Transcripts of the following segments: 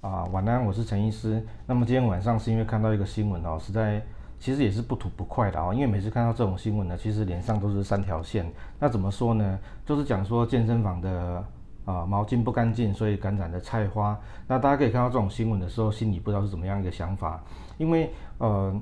啊，晚安，我是陳醫師。那麼今天晚上是因為看到一個新聞哦，實在其實也是不吐不快的啊、哦。因為每次看到這種新聞呢，其實臉上都是三條線。那怎麼說呢？就是講說健身房的啊毛巾不乾淨，所以感染的菜花。那大家可以看到這種新聞的時候，心裡不知道是怎麼樣一個想法，因為呃。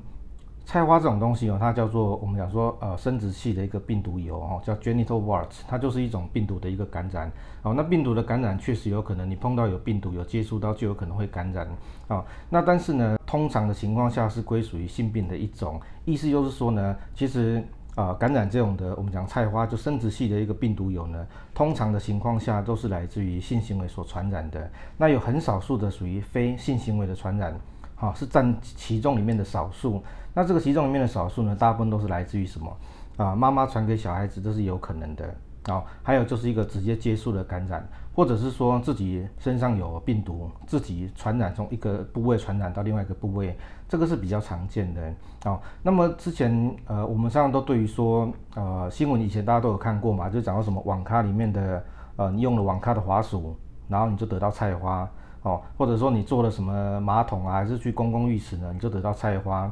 菜花這種東西哦，它叫做我們講說呃生殖器的一個病毒疣、哦、叫 genital warts，它就是一種病毒的一個感染、哦、那病毒的感染確實有可能你碰到有病毒有接觸到就有可能會感染啊、哦。那但是呢，通常的情況下是歸屬於性病的一種，意思就是說呢，其實啊、呃、感染這種的我們講菜花就生殖器的一個病毒疣呢，通常的情況下都是來自於性行為所傳染的，那有很少數的屬於非性行為的傳染。好、哦、是佔其中裡面的少數，那這個其中裡面的少數呢，大部分都是來自於什麼啊？媽媽傳給小孩子，這是有可能的。好、哦，還有就是一個直接接觸的感染，或者是說自己身上有病毒，自己傳染，從一個部位傳染到另外一個部位，這個是比較常見的。哦，那麼之前呃，我們上都對於說呃新聞以前大家都有看過嘛，就講到什麼網咖裡面的呃你用了網咖的滑鼠，然後你就得到菜花。哦，或者說你坐了什麼馬桶啊，還是去公共浴池呢，你就得到菜花。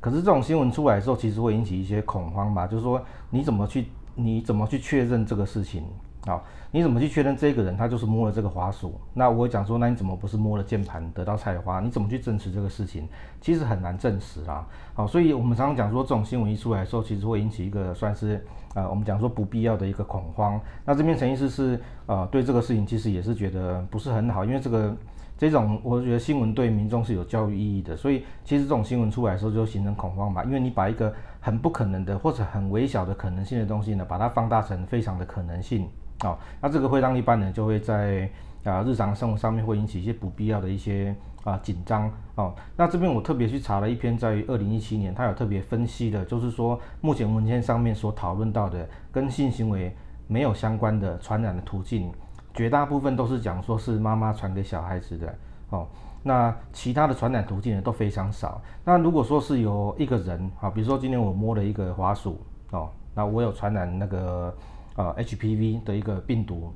可是這種新聞出來的時候，其實會引起一些恐慌吧？就是說，你怎麼去，你怎麼去確認這個事情？好，你怎麼去確認這個人他就是摸了這個滑鼠？那我講說，那你怎麼不是摸了鍵盤得到菜花？你怎麼去證實這個事情？其實很難證實啊。好，所以我們常常講說，這種新聞一出來的時候，其實會引起一個算是呃，我們講說不必要的一個恐慌。那這邊陳醫師是呃，對這個事情其實也是覺得不是很好，因為這個這種我覺得新聞對民眾是有教育意義的，所以其實這種新聞出來的時候就形成恐慌嘛，因為你把一個。很不可能的，或者很微小的可能性的東西呢，把它放大成非常的可能性哦，那這個會讓一般人就會在啊日常生活上面會引起一些不必要的一些啊緊張哦，那這邊我特別去查了一篇，在二零一七年，它有特別分析的，就是說目前文獻上面所討論到的跟性行為沒有相關的傳染的途徑，絕大部分都是講說是媽媽傳給小孩子的。哦，那其他的傳染途徑呢都非常少。那如果說是有一個人，啊，比如說今天我摸了一個滑鼠，哦，那我有傳染那個、呃、HPV 的一個病毒，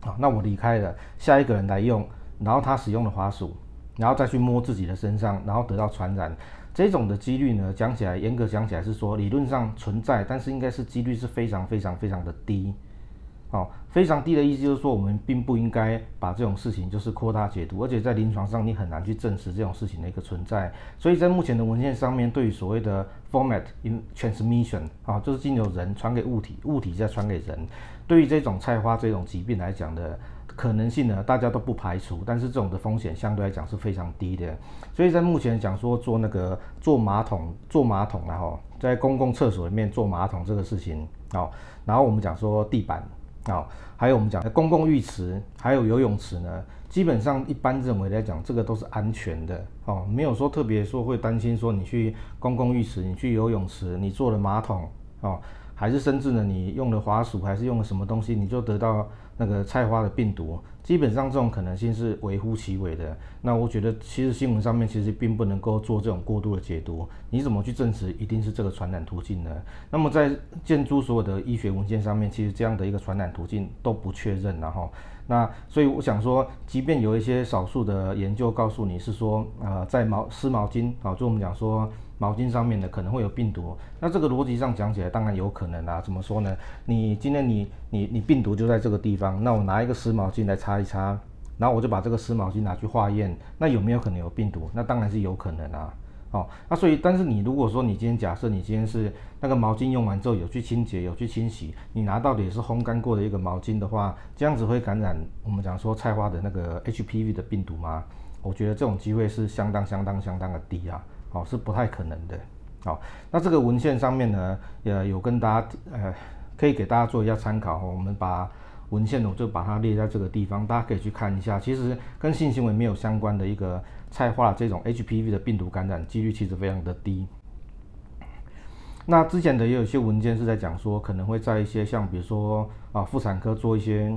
啊、哦，那我離開了，下一個人來用，然後他使用的滑鼠，然後再去摸自己的身上，然後得到傳染，這種的幾率呢，講起來嚴格講起來是說理論上存在，但是應該是幾率是非常非常非常的低。哦，非常低的意思就是說，我們並不應該把這種事情就是擴大解讀，而且在臨床上你很難去證實這種事情的一個存在。所以在目前的文獻上面，對於所謂的 format in transmission 啊，就是經由人傳給物體，物體再傳給人，對於這種菜花這種疾病來講的可能性呢，大家都不排除，但是這種的風險相對來講是非常低的。所以在目前講說做那個做馬桶做馬桶然後在公共廁所裡面做馬桶這個事情，哦，然後我們講說地板。還有我們講公共浴池，還有游泳池呢，基本上一般認為來講，這個都是安全的哦，沒有說特別說會擔心說你去公共浴池，你去游泳池，你坐了馬桶哦，還是甚至呢你用了滑鼠，還是用了什麼東西，你就得到。那個菜花的病毒，基本上這種可能性是微乎其微的。那我覺得，其實新聞上面其實並不能夠做這種過度的解讀。你怎麼去證實一定是這個傳染途徑呢？那麼在建築所有的醫學文獻上面，其實這樣的一個傳染途徑都不確認。然後，那所以我想說，即便有一些少數的研究告訴你是說，呃，在毛濕毛巾啊，就我們講說毛巾上面的可能會有病毒，那這個邏輯上講起來當然有可能啊。怎麼說呢？你今天你你你病毒就在這個地方。那我拿一個濕毛巾來擦一擦，然後我就把這個濕毛巾拿去化驗，那有沒有可能有病毒？那當然是有可能啊。哦，那、啊、所以，但是你如果說你今天假設你今天是那個毛巾用完之後有去清潔、有去清洗，你拿到的也是烘乾過的一個毛巾的話，這樣子會感染我們講說菜花的那個 HPV 的病毒嗎？我覺得這種機會是相當、相當、相當的低啊。哦，是不太可能的。哦，那這個文獻上面呢，呃，有跟大家呃，可以給大家做一下參考，我們把文獻呢，我就把它列在這個地方，大家可以去看一下。其實跟性行為沒有相關的一個菜花這種 HPV 的病毒感染幾率其實非常的低。那之前的也有一些文件是在講說，可能會在一些像比如說啊婦產科做一些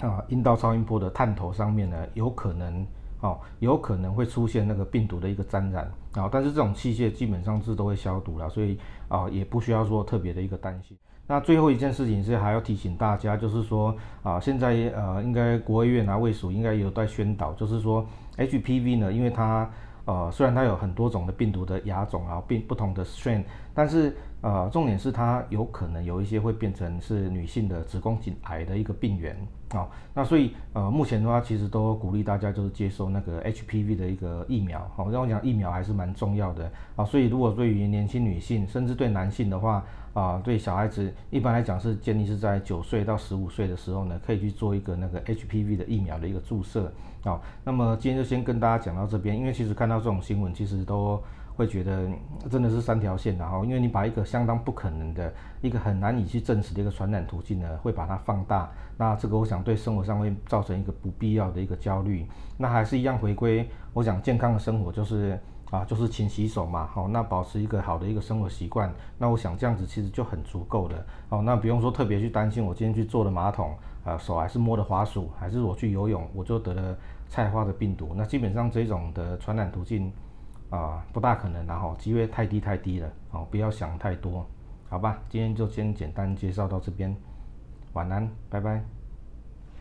啊陰道超音波的探頭上面呢，有可能。哦，有可能會出現那個病毒的一個沾染啊、哦，但是這種器械基本上是都會消毒了，所以啊、哦、也不需要說特別的一個擔心。那最後一件事情是還要提醒大家，就是說啊，現在呃應該國務院啊衛署應該有在宣導，就是說 HPV 呢，因為它呃雖然它有很多種的病毒的亞種啊病不同的 strain，但是呃，重點是它有可能有一些會變成是女性的子宮頸癌的一個病原啊、哦，那所以呃，目前的話其實都鼓勵大家就是接收那個 HPV 的一個疫苗，好、哦，讓我講疫苗還是蠻重要的啊，所以如果對於年輕女性，甚至對男性的話啊，對小孩子，一般來講是建議是在九歲到十五歲的時候呢，可以去做一個那個 HPV 的疫苗的一個注射啊、哦，那麼今天就先跟大家講到這邊，因為其實看到這種新聞，其實都。會覺得真的是三條線、啊，然後因為你把一個相當不可能的一個很難以去證實的一個傳染途徑呢，會把它放大。那這個我想對生活上會造成一個不必要的一個焦慮。那還是一樣回歸，我想健康的生活就是啊，就是勤洗手嘛，好、哦，那保持一個好的一個生活習慣。那我想這樣子其實就很足夠的好、哦，那不用說特別去擔心我今天去坐的馬桶啊，手還是摸的滑鼠，還是我去游泳我就得了菜花的病毒。那基本上這種的傳染途徑。啊，不大可能，然後機會太低太低了啊，不要想太多，好吧，今天就先簡單介紹到這邊，晚安，拜拜。